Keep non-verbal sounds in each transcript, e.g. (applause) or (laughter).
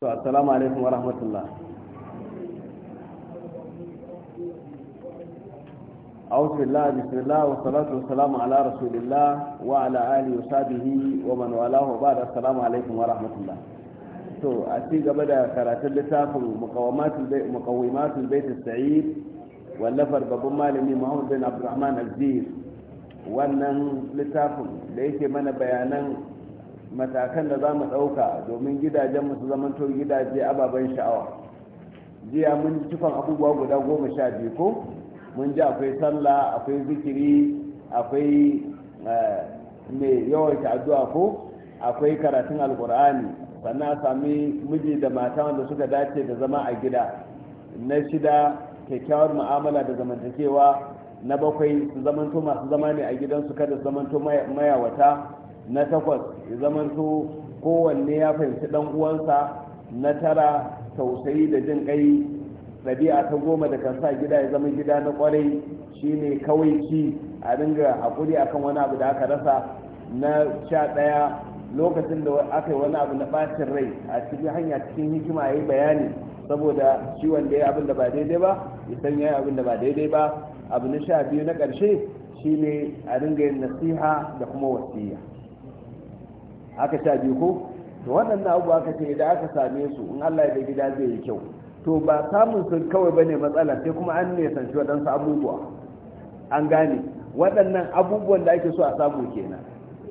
to assalamu alaikum wa rahmatullah أعوذ بالله بسم الله والصلاة والسلام على رسول الله وعلى آله وصحبه ومن والاه وبعد السلام عليكم ورحمة الله to a ci gaba da karatun littafin muqawwimatul bait sa'id wallafar babban malami Muhammad bin Abdulrahman Azir wannan littafin da yake mana bayanan matakan da za mu ɗauka domin gidajenmu su zamanto gidaje ababen sha'awa jiya mun cikon abubuwa guda goma sha biyu ko mun ji akwai sallah akwai zikiri akwai eh, mai yawaita addu'a ko akwai karatun alkur'ani sannan a sami miji da mata wanda suka dace da zama a gida na shida kyakkyawar mu'amala da zamantakewa na bakwai su zamanto masu zama ne a gidansu kada su zamanto mayawata na takwas ya zamanto kowanne ya fahimci dan uwansa na tara tausayi da jin kai ɗabi'a ta goma da kan sa gida ya zama gida na kwarai shine kawai ki a dinga hakuri kan wani abu da aka rasa na sha ɗaya lokacin da aka yi wani abu na ɓacin rai a cikin hanya cikin hikima ya yi bayani saboda ciwon da ya abin da ba daidai ba isan ya yi abin da ba daidai ba abu na sha biyu na ƙarshe shine a dinga yin nasiha da kuma wasiya aka sha biyu ko to waɗannan abubuwa aka ce idan aka same su in Allah ya gida zai yi kyau to ba samun su kawai bane matsala sai kuma an ne sanci waɗansu abubuwa an gane waɗannan abubuwan da ake so a samu kenan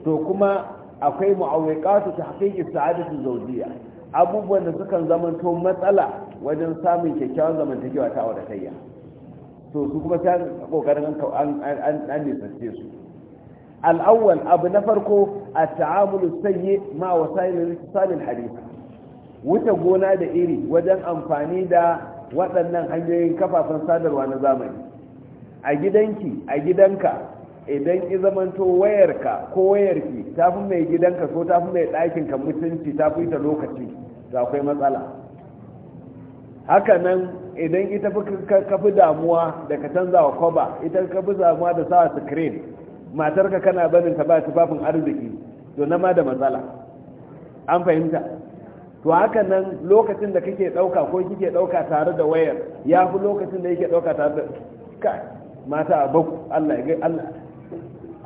to kuma akwai ta tahqiqi sa'adatu zawjiyya abubuwan da sukan zamanto matsala wajen samun kyakkyawan zamantakewa ta kayya to su kuma sai kokarin an an an nisance su al'awwal abu na farko التعامل السيء مع وسائل الاتصال الحديثة wuce gona da iri wajen amfani da waɗannan hanyoyin kafafen sadarwa na zamani a gidanki a gidanka idan wayarka ko wayarki tafi mai gidanka ko tafi mai ɗakin ɗakinka mutunci tafi ta lokaci to akwai matsala nan, idan ita kafi damuwa da ka canza wa kwaba ita kafi damuwa da sawa screen matarka kana barin ta ba tufafin arziki to na ma da matsala an fahimta to haka nan lokacin da kake ɗauka ko kike ɗauka tare da wayar ya fi lokacin da yake ɗauka tare da ka mata a baku Allah ya Allah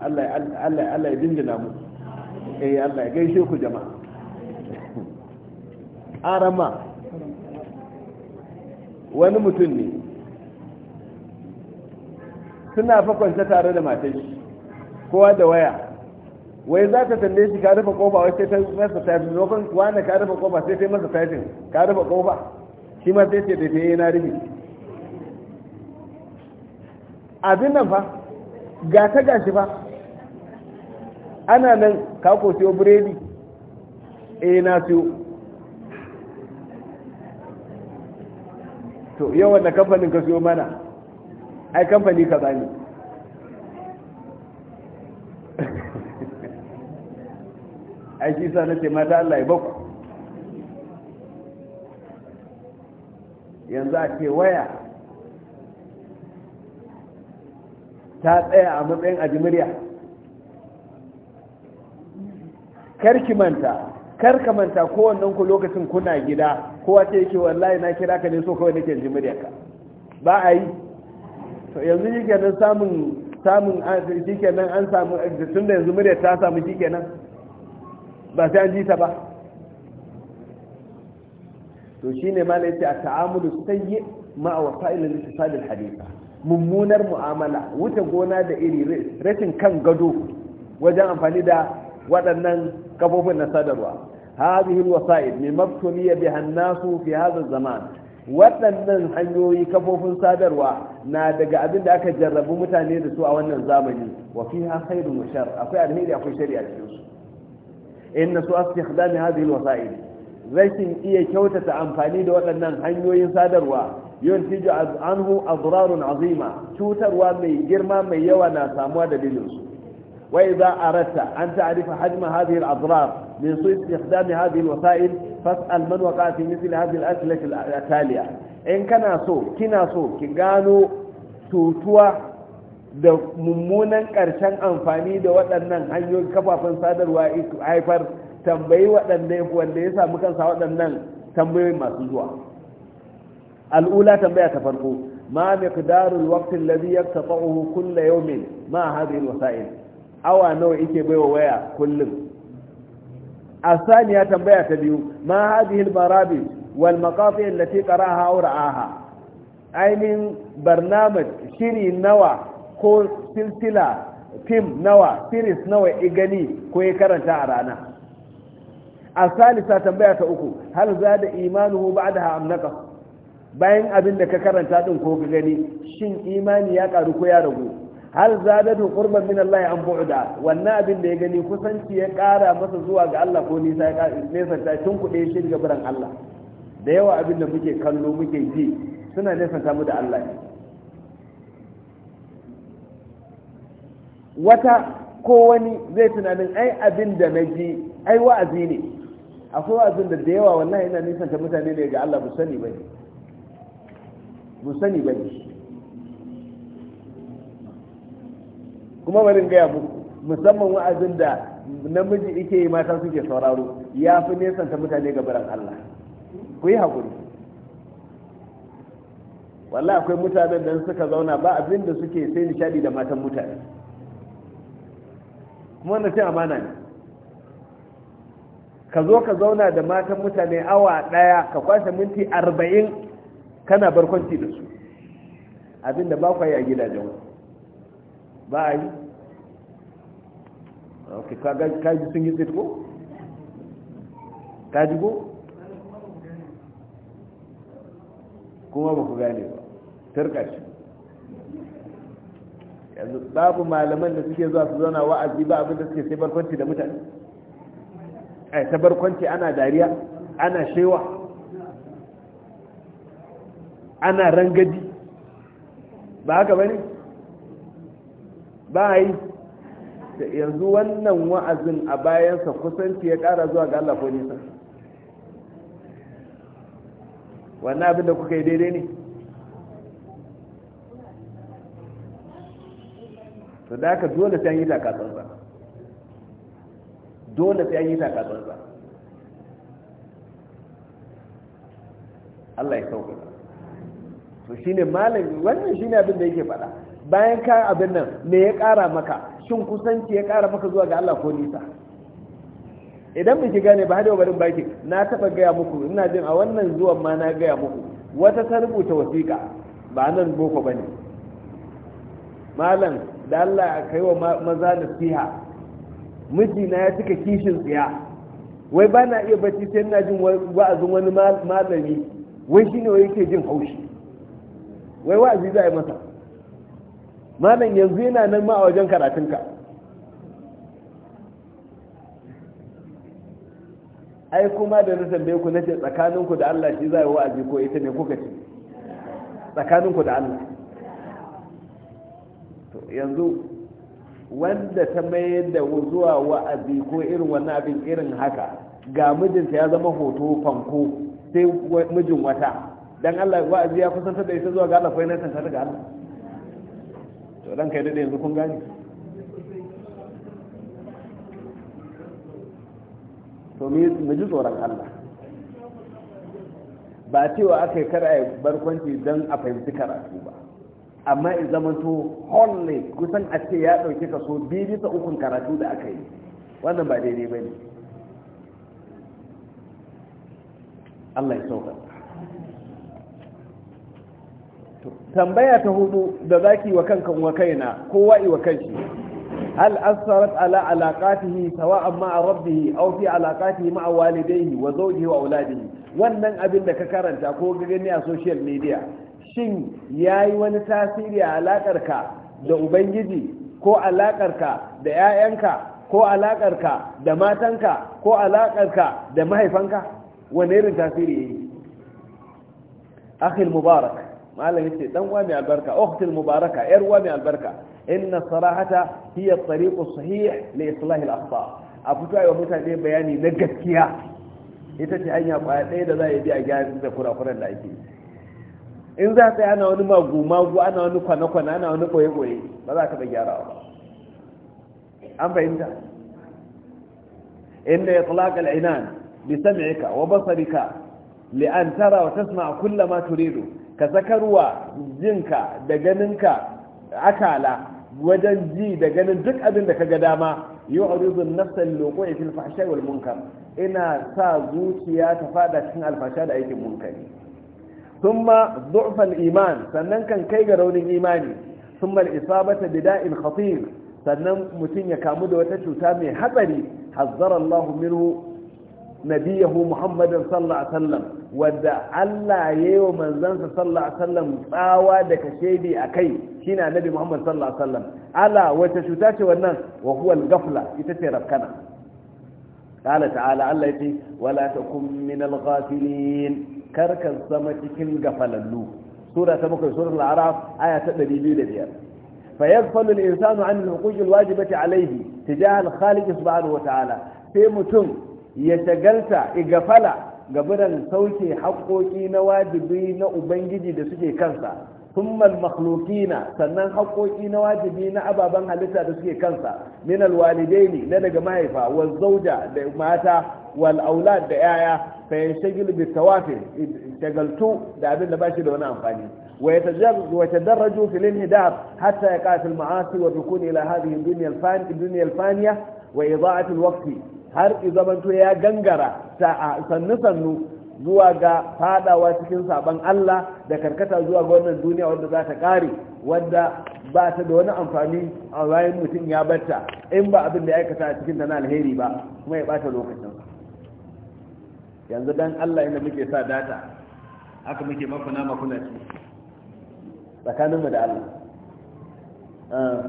Allah Allah Allah ya dindina mu eh Allah ya gaishe ku jama'a arama wani mutum ne suna fa kwance tare da matashi shi kowa da waya wai za ta tambaye shi ka rufe kofa wai sai ta masa tafi lokacin da ka rufe kofa sai ta masa tafi ka rufe kofa shi ma sai ce yi na rufe abin nan fa ga ta gashi fa ana nan ka ko siyo biredi eh na siyo to yawan da kamfanin ka siyo mana ai kamfani ka ne aiki isa na ce mata Allah ya baku yanzu a ce waya ta tsaya a matsayin ajimiriya karki manta kar manta kowannen ku lokacin kuna gida kowa ce yake wallahi na kira ka ne so kawai nake ji ka ba a yi to yanzu shikenan samun samun shikenan an samu tun da yanzu murya ta samu nan. ba sai an ji ta ba to shine ma yace a ta'amulu sayyi ma wasa'il al-ittisal al mummunar mu'amala wuce gona da iri rashin kan gado wajen amfani da waɗannan kafofin na sadarwa hadhihi mai wasail mimma tuliya biha an-nasu fi waɗannan hanyoyi kafofin sadarwa na daga abin da aka jarrabu mutane da su a wannan zamani wa fiha khairu wa shar akwai alheri akwai shari'a cikin su inna su astikhdami hadhihi alwasa'il rashin iya kyautata amfani da waɗannan hanyoyin sadarwa yuntiju anhu adrarun azima cutarwa mai girma mai yawa na samuwa dalilin su wa idza aratta an ta'rifa hajma hadhihi al min su istikhdami hadhihi al-wasa'il fas'al man waqa'a fi mithli hadhihi al-aslati in kana so kina so ki gano tutuwa da mummunan ƙarshen amfani da waɗannan hanyoyin kafafen sadarwa haifar tambayi waɗanda wanda ya samu kansa waɗannan tambayoyi masu zuwa al'ula tambaya ta farko ma miqdarul waqti alladhi yaqta'uhu kull yawmin ma hadhihi alwasa'il awa nawa yake baiwa waya kullum asaniya tambaya ta biyu ma hadhihi almarabi wal maqati allati qara'aha aw ra'aha ainin barnamij shiri nawa ko siltila fim nawa series nawa igani ko ya karanta a rana a salisa tambaya ta uku hal za da imanuhu ba da amnaka bayan abin da ka karanta din ko ka gani shin imani ya karu ko ya ragu hal za da tu qurban min Allah an bu'da wannan abin da ya gani kusanci ya kara masa zuwa ga Allah ko nisa ya kara nesa ta tun kuɗe shi daga Allah da yawa abin da muke kallo muke ji suna nesa ta mu da Allah wata ko wani zai tunanin ai abin da na ji ai wa'azi ne akwai wa'azin da da yawa wannan yana ta mutane ne ga Allah musani bane musani bane kuma bari in gaya muku musamman wa'azin da namiji yake yi mata suke sauraro ya fi ta mutane ga baran Allah ku yi haƙuri wallahi akwai mutanen da suka zauna ba abin da suke sai nishadi da matan mutane kuma wanda sai amana ne ka zo ka zauna da matan mutane awa daya ka kwashe minti arba'in kana barkwanci da su abinda ba kwaye yi a gidajen ba a yi ok kaji sun yi tsitko? kaji ko? kuma ba ku gane ba turkashi. yanzu babu malaman da suke zuwa su zauna wa'azi ba abin da suke sai barkwanci da mutane ai ta barkwanci ana dariya ana shewa ana rangadi ba haka bane ba yi yanzu wannan wa'azin a bayansa kusanci ya kara zuwa ga Allah ko nisa wannan abin da kuka yi daidai ne to da haka dole sai an yi takatsantsa dole sai an yi takatsantsa Allah ya sauka to shine malami wannan shine abin da yake faɗa bayan ka abin nan me ya ƙara maka shin kusanci ya ƙara maka zuwa ga Allah ko nisa idan ba ki gane ba hada barin baki na taɓa gaya muku ina jin a wannan zuwan ma na gaya muku wata ta rubuta wasiƙa ba nan boko ba ne malam da Allah ya kai wa maza siha mijina ya cika kishin tsiya wai ba na iya bacci sai na jin wa'azin wani malami wai shine wai yake jin haushi wai wa'azi za a yi masa malam yanzu yana nan ma a wajen karatunka ai kuma da na tambaye ku nace tsakaninku da Allah shi za a yi wa'azi ko ita ne kuka ce tsakaninku da Allah yanzu wanda ta mayar da zuwa wa'azi ko irin wannan abin irin haka ga mijinta ya zama hoto fanko sai mijin wata don Allah wa'azi ya kusantar da ita zuwa ga alafai na yana tantar ga Allah to dan kai dade yanzu kun gani. to mu ji tsoron Allah ba cewa aka yi kar a yi barkwanci don a fahimci karatu ba amma in zamanto holle kusan a ce ya ɗauki kaso biyu bisa ukun karatu da aka yi wannan ba daidai ba ne Allah ya sauka tambaya ta hudu da zaki wa kankan wa kaina kowa iwa kanshi hal asarat ala alaqatihi sawa'an ma'a rabbih aw fi alaqatihi ma'a walidayhi wa zawjihi wa auladihi wannan abin da ka karanta ko ga gani a social media shin ya yi wani tasiri a alaƙarka da ubangiji ko alaƙarka da 'ya'yanka ko alaƙarka da matanka ko alaƙarka da mahaifanka Wani irin tasiri ya yi akhil mubarak malam yace dan uwa mai albarka ukhtil mubaraka yar uwa mai albarka inna sarahata hiya at-tariq as-sahih li islah al-akhta a fito ayi mutane bayani na gaskiya ita ce hanya kwaya ɗaya da za a bi a gyara da kurakuran da ake in za yi ana wani magu-magu ana wani kwane-kwane ana wani ɓoye-ɓoye ba za ka bai gyara ba an fahimta inda ya tsalaka al'inan bi aika, wa basarika li li'an tara wa tasma kulla ma turidu ka wa jinka da ganinka akala wajen ji da ganin duk abin da ka ga dama يعرض النفس للوقوع في الفحشاء والمنكر ina sa zuciya ta fada cikin alfasha da aikin munkari thumma du'fal iman sannan kan kai ga raunin imani thumma bata isabata bida'in khatir sannan mutum ya kamu da wata cuta mai hatsari hazzara Allah minhu nabiyahu Muhammadan sallallahu wanda Allah yayi wa tsawa da kashedi akai shine annabi Muhammad sallallahu alaihi wasallam ala wata cuta ce wannan wa huwa al ita ce rafkana قال تعالى الله يتي ولا تكن من الغافلين karkan zama cikin gafalallu sura ta bakwai sura al-araf aya ta ɗari 205 fa yaghfalu al-insanu an al-huquq al-wajibati alayhi jihar al-khaliq subhanahu wa ta'ala sai mutum ya shagalta igafala gaburan sauke haƙoƙi na wajibi na ubangiji da suke kansa ثم المخلوقين sannan haƙoƙi na wajibi na ababen halitta da suke kansa min ne na daga mahaifa wa da mata wal aulad da yaya fa yashghal bi tawafil shagaltu da abin da bashi da wani amfani wa yatajarraju wa tadarraju fil inhidar hatta ya al ma'asi wa rukun ila hadhihi dunya al fani dunya al faniya wa ida'at al waqti har izamanto ya gangara sannu sannu zuwa ga fadawa cikin saban Allah da karkata zuwa ga wannan duniya wanda za ta kare wanda ba ta da wani amfani a bayan mutum ya batta in ba abin da ya aikata a cikin ta na alheri ba kuma ya bata lokacin yanzu dan Allah inda muke sa data haka muke makuna makuna ce tsakaninmu da Allah ah,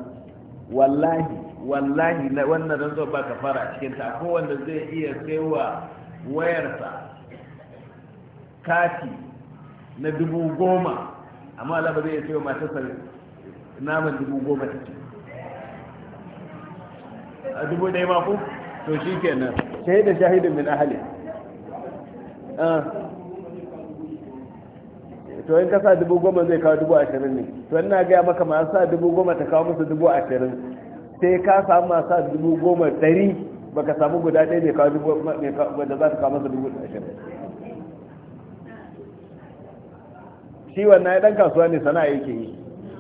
wallahi wallahi na wannan ranzo ba ka fara cikin ta ko wanda zai iya kaiwa wayarsa kati na dubu goma amma Allah ba zai iya kaiwa matarsa naman dubu goma ta ce a dubu ɗaya ma ku to shi kenan da shahidin min ahali Eh. to in ka sa dubu goma zai kawo dubu ashirin ne to ina gaya maka masu sa dubu goma ta kawo musu dubu ashirin sai ka samu masu sa dubu goma ɗari baka samu guda ɗaya mai kawo dubu wanda za su kawo masa dubu ashirin shi wannan ya ɗan kasuwa ne sana'a yake yi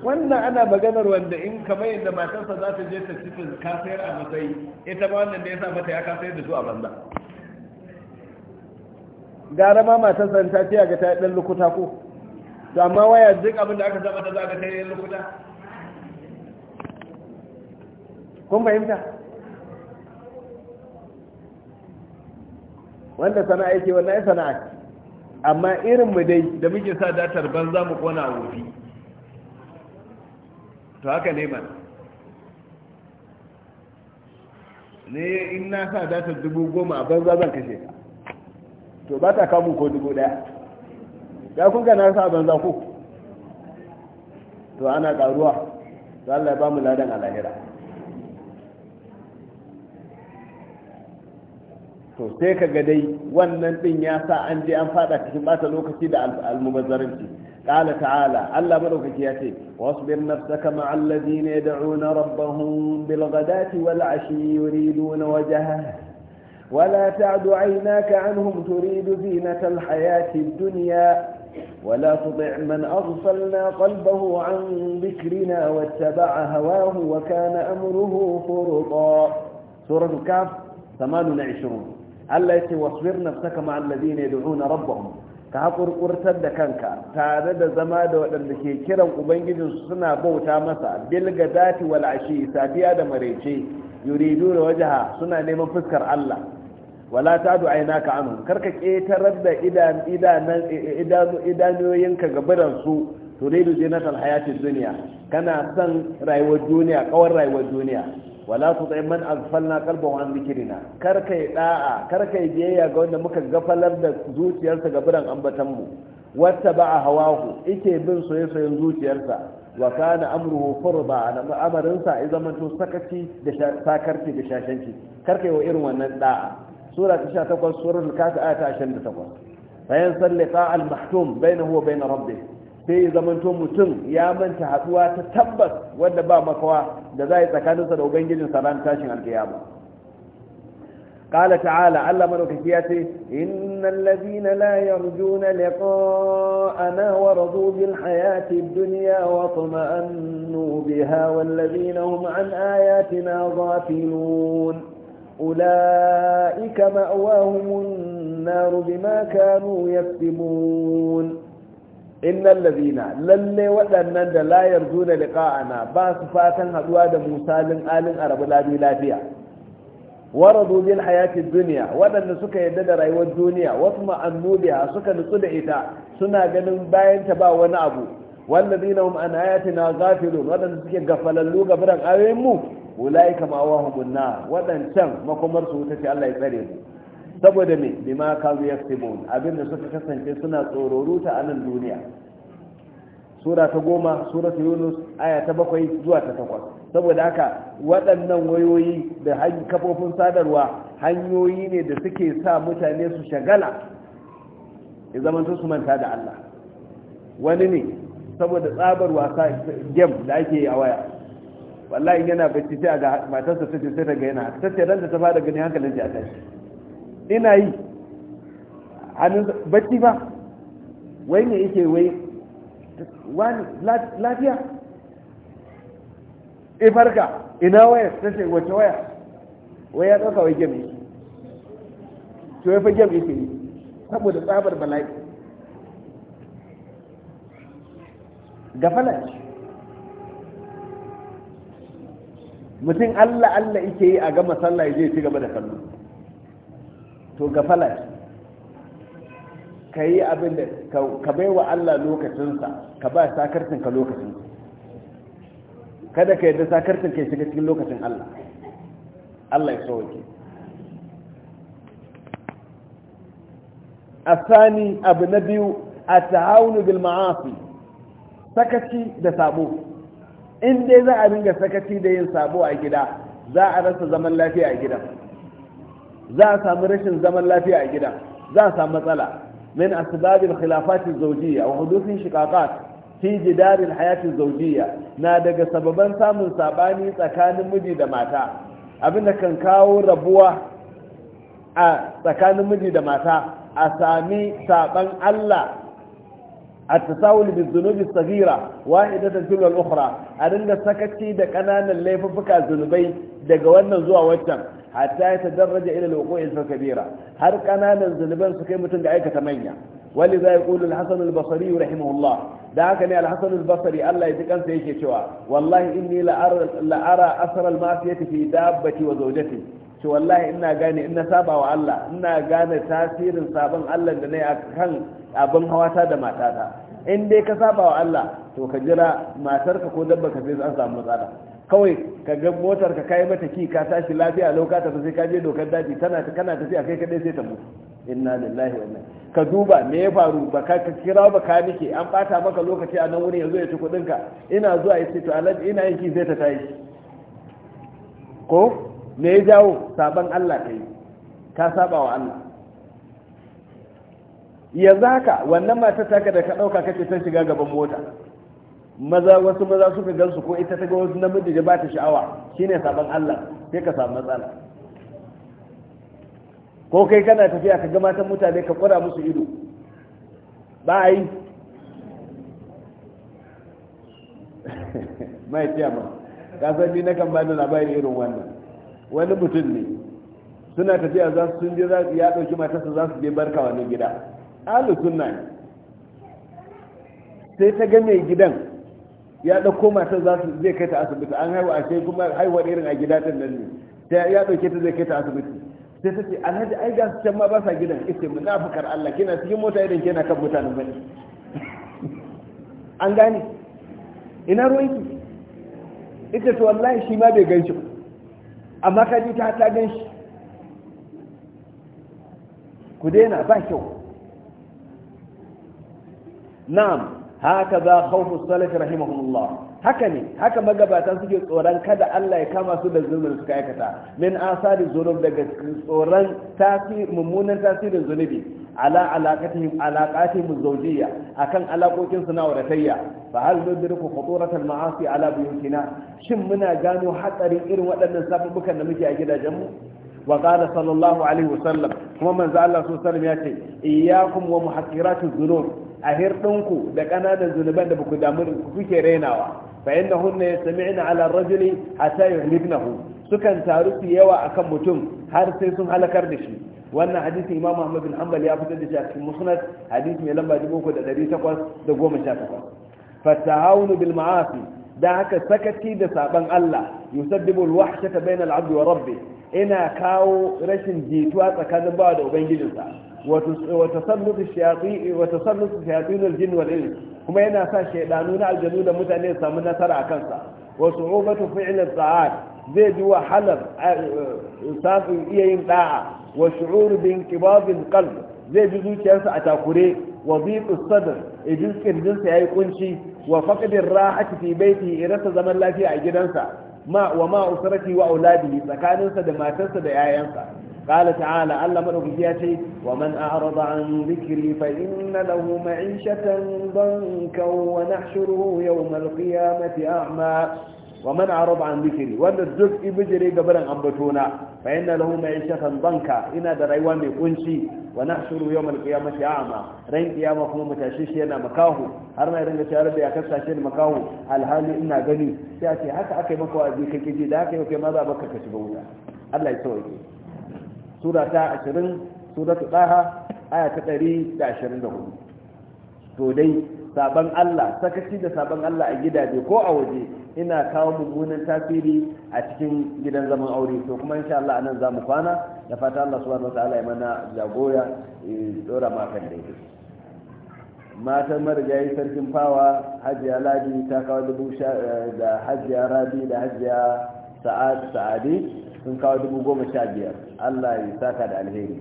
wannan ana maganar wanda in kamar yadda matarsa za ta je ta cikin kasayar a matsayi ita ma wannan da ya sa mata ya kasayar da su a banza gara ma matar san ta ce ga ta dan lukuta ko to amma waya duk abin da aka zaba ta za ga ta yi lukuta kun fahimta wanda sana'a yake ya sana'a amma irin mu dai da muke sa datar ban za mu kona wofi to haka ne ba ne in na sa datar dubu goma a banza zan kashe ka to ba ta kamun ko dubu daya ya kun gana sa banza ku to ana karuwa to Allah ya ba mu ladan a lahira to sai ka ga dai wannan din ya sa an je an fada cikin bata lokaci da almubazzaranci qala ta'ala Allah madaukaki ya ce wasbir nafsaka ma'al ladina yad'una rabbahum bil ghadati wal ashi ولا تعد عيناك عنهم تريد زينة الحياة الدنيا ولا تطع من أغفلنا قلبه عن ذكرنا واتبع هواه وكان أمره فرطا سورة الكاف 28 ألا يتوصفر نفسك مع الذين يدعون ربهم كهفر قرسد كانك تعدد زماد ولمكي كرم قبنجد سنة بوتا مسا بلغ ذات والعشي سابيادة مريشي يريدون وجهها سنة نمفكر الله wala ta du aina ka anu karka ƙetarar da idanoyinka ga su to dai duje na talhayatin duniya kana son rayuwar duniya kawar rayuwar duniya wala su tsaye man alfalna kalba wa zikirina karka yi da'a karka yi biyayya ga wanda muka gafalar da zuciyarsa gabaran ambatanmu wata ba a hawahu ike bin soye-soyen zuciyarsa wa kana amruhu furba na amarinsa ya zamanto sakaci da sakarci da shashanci karka yi wa irin wannan da'a سورة إشاء تقول سورة الكاس آية عشان تقول فينصر لقاء المحتوم بينه وبين ربه في زمن توم وتم يا من تحتوى تتبس ودى با مكوى جزائي تكانسة وبين جلن سران تاشن القيامة قال تعالى علم ركسياتي إن الذين لا يرجون لقاءنا ورضوا بالحياة الدنيا وطمأنوا بها والذين هم عن آياتنا غافلون أولئك مأواهم النار بما كانوا يكسبون إن الذين للي ودنن لا يرجون لقاءنا باس فاتا هدوا موسى لن آل أرب لا بلادية ورضوا بالحياة الدنيا ودن سكا يدد رأيو الدنيا وطمع النوبها سكا نصد إتا سنا قنن باين تبا ونعبو والذين هم عن آياتنا غافلون ودن سكا قفل اللوغة برق أويمو ulaika ma'awahum na wadancan makomar su wuta ce Allah ya tsare mu saboda me bima kanu yaktubun abinda suka kasance suna tsororuta a nan duniya sura ta goma ta yunus aya ta bakwai zuwa ta takwas saboda haka waɗannan wayoyi da kafofin sadarwa hanyoyi ne da suke sa mutane su shagala ya zamanta su manta da Allah wani ne saboda tsabar wasa gem da ake yi a waya wallahi yana bacci sai ga matarsa ta ce sai ta ga yana ta ce ran da ta fara gani hankalin ta tashi ina yi hannun bacci ba wai ne yake wai wani lafiya e farka ina waya ta ce wace waya wai ya ɗauka wai gem to ya fa gem ke yi saboda tsabar bala'i gafala ce mutum Allah Allah ike yi a gama sallah zai ci gaba da kallo to gafala ka yi abin da ka bai wa Allah lokacinsa ka ba sakartin ka lokacin kada ka yadda sakartin ka shiga cikin lokacin Allah Allah ya sauke asani abu na biyu a ta'aunu bil ma'afi sakaci da sabo in dai za a ringa sakaci da yin sabo a gida za a rasa zaman lafiya a gidan za a samu rashin zaman lafiya a gida, za a samu matsala min asbabil khilafati zawjiyya wa hudufi shiqaqat fi jidaril hayati zawjiyya na daga sababan samun sabani tsakanin miji da mata abinda kan kawo rabuwa a tsakanin miji da mata a sami saban Allah التساهل بالذنوب الصغيرة واحدة تلو الأخرى أرنجا سكتي دكانا اللي ففك الذنوبين دقوانا زوا واتم حتى يتدرج إلى الوقوع الكبيرة هر كانا الذنوبين سكيمة دعيك تمانية ولذا يقول الحسن البصري رحمه الله دعك يا الحسن البصري الله يتكن سيشي شوا والله إني لأرى, لأرى أثر المعصية في دابتي وزوجتي to wallahi ina gane ina saba wa Allah ina gane tasirin sabon Allah da na yi a kan abin ta da matata in dai ka saba wa Allah to ka jira matarka ko dabba ka sai an samu matsala kawai ka ga motar ka kai mata ki ka tashi lafiya a ka tafi sai ka je dokar daji tana kana tafiya kai kadai sai ta mutu inna lillahi wa inna ka duba me ya faru ba ka kira ba ka nike an bata maka lokaci a nan wurin yanzu ya ci kudin ka ina zuwa yace to alaji ina yin ki zai ta tashi ko me ya jawo saban Allah kai ka saba wa Allah yanzu haka wannan ta taka da ka ɗauka kake ta shiga gaban mota maza wasu maza suka gansu ko ita ta ga wasu namiji da ba ta sha'awa shine sabon Allah sai ka samu matsala ko kai kana tafiya ka ga matan mutane ka kura musu ido ba yi (laughs) mai tiyama ka san ni nakan ba da labari irin wannan wani mutum ne suna tafiya za su sun je za su ya ɗauki matarsa za su je barka wani gida ahlus sunna sai ta ga mai gidan ya ɗauko matar za su zai kai ta asibiti an haihuwa sai kuma haihuwar irin a gida ta nan ne sai ya ɗauke ta zai kai ta asibiti sai ta ce alhaji ai ga su can ma ba sa gidan ita munafukar Allah kina cikin mota idan kina kan mutane bane an gane ina ki ita ce wallahi shi ma bai ganshi amma ka ji ta ta ganshi ku daina ba kyau na'am haka za khawfu salafi rahimahumullah haka ne haka magabatan suke tsoron kada Allah ya kama su da zulmin suka aikata min asari zunub daga tsoron tasiri mummunan tasirin zunubi ala alaqatihim alaqatihim akan alaƙokin su na wadatayya fa hal nudriku khuturat ma'asi ala buyutina shin muna gano hatsarin irin waɗannan sabubukan da muke a gidajen mu wa qala sallallahu alaihi wasallam kuma manzo Allah sallallahu alaihi wasallam ya ce iyyakum wa muhaqqiratu zunub. a hirɗinku da ƙananan zunuban da baku damu kuke rainawa fa inna hunna yasmi'na ala ar-rajuli hatta yuhlibnahu sukan taru su yawa akan mutum har sai sun halakar da shi wannan hadisi imam ahmad bin hanbal ya fitar da shi a cikin musnad hadisi mai lamba takwas. fatahawunu bil ma'asi da haka sakaci da saban Allah yusabbibu al-wahshata bayna al-'abd wa rabbih ina kawo rashin jituwa tsakanin bawa da ubangijinsa watasallutu shayatinul jin wal ins kuma yana sa shaydanu na aljannu da mutane su samu nasara akan sa wa su'ubatu fi'li sa'at zai ji wahalar samun iya yin da'a wa shu'ur bi inqibadil qalb zai ji zuciyarsa a takure wa dhiqu sadr idan kirjin sa yayi kunci wa faqdir rahati fi baiti irasa zaman lafiya a gidansa wa ma usrati wa auladihi tsakaninsa da matarsa da yayansa قال تعالى ألا مرغياتي ومن أعرض عن ذكري فإن له معيشة ضنكا ونحشره يوم القيامة أعمى ومن أعرض عن ذكري وأن الزك بجري قبل أن أبتونا فإن له معيشة ضنكا إنا دريوان بقنشي ونحشره يوم القيامة أعمى رين قيامة هو متعشيشي أنا مكاهو har ma idan ya rabbi ya kasashe الهالي إنا alhali ina حتى حتى a ce haka جيدا أكي وكي ماذا kake ji الله haka sura ta 20 suratu daha aya ta 124 to dai saban Allah sakaci da saban Allah a gidaje ko a waje ina kawo mummunan tasiri a cikin gidan zaman aure to kuma insha Allah anan zamu kwana da fata Allah subhanahu wataala ya mana jagoya dora makan daidai matan marigayi sarkin fawa hajiya ladi ta kawo dubu eh, da hajiya rabi da hajiya Sa'ad, sa'adi sun kawo dubu goma sha biyar allah ya saka da alheri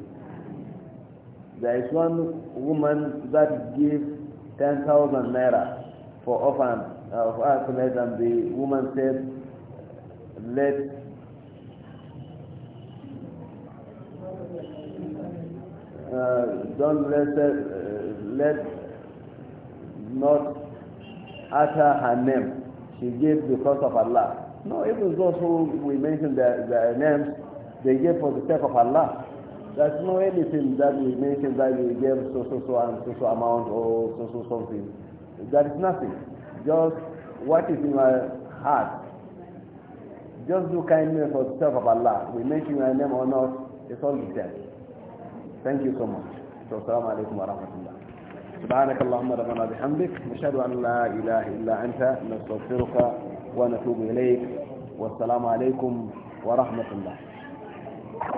there is one woman that gave 10,000 naira for orphan uh, for and the woman said let uh, don't let uh, let not utter her name she gave because of Allah no, was those who we mentioned the their names, they gave for the sake of Allah. That's no anything that we mentioned that we gave so so so and so so amount or so so something. That is nothing. Just what is in my heart. Just do kindness for the sake of Allah. We mention your name or not, it's all the same. Thank you so much. So, assalamu alaikum wa rahmatullah. سبحانك اللهم ربنا بحمدك نشهد أن لا إله إلا أنت نستغفرك ونتوب إليك والسلام عليكم ورحمة الله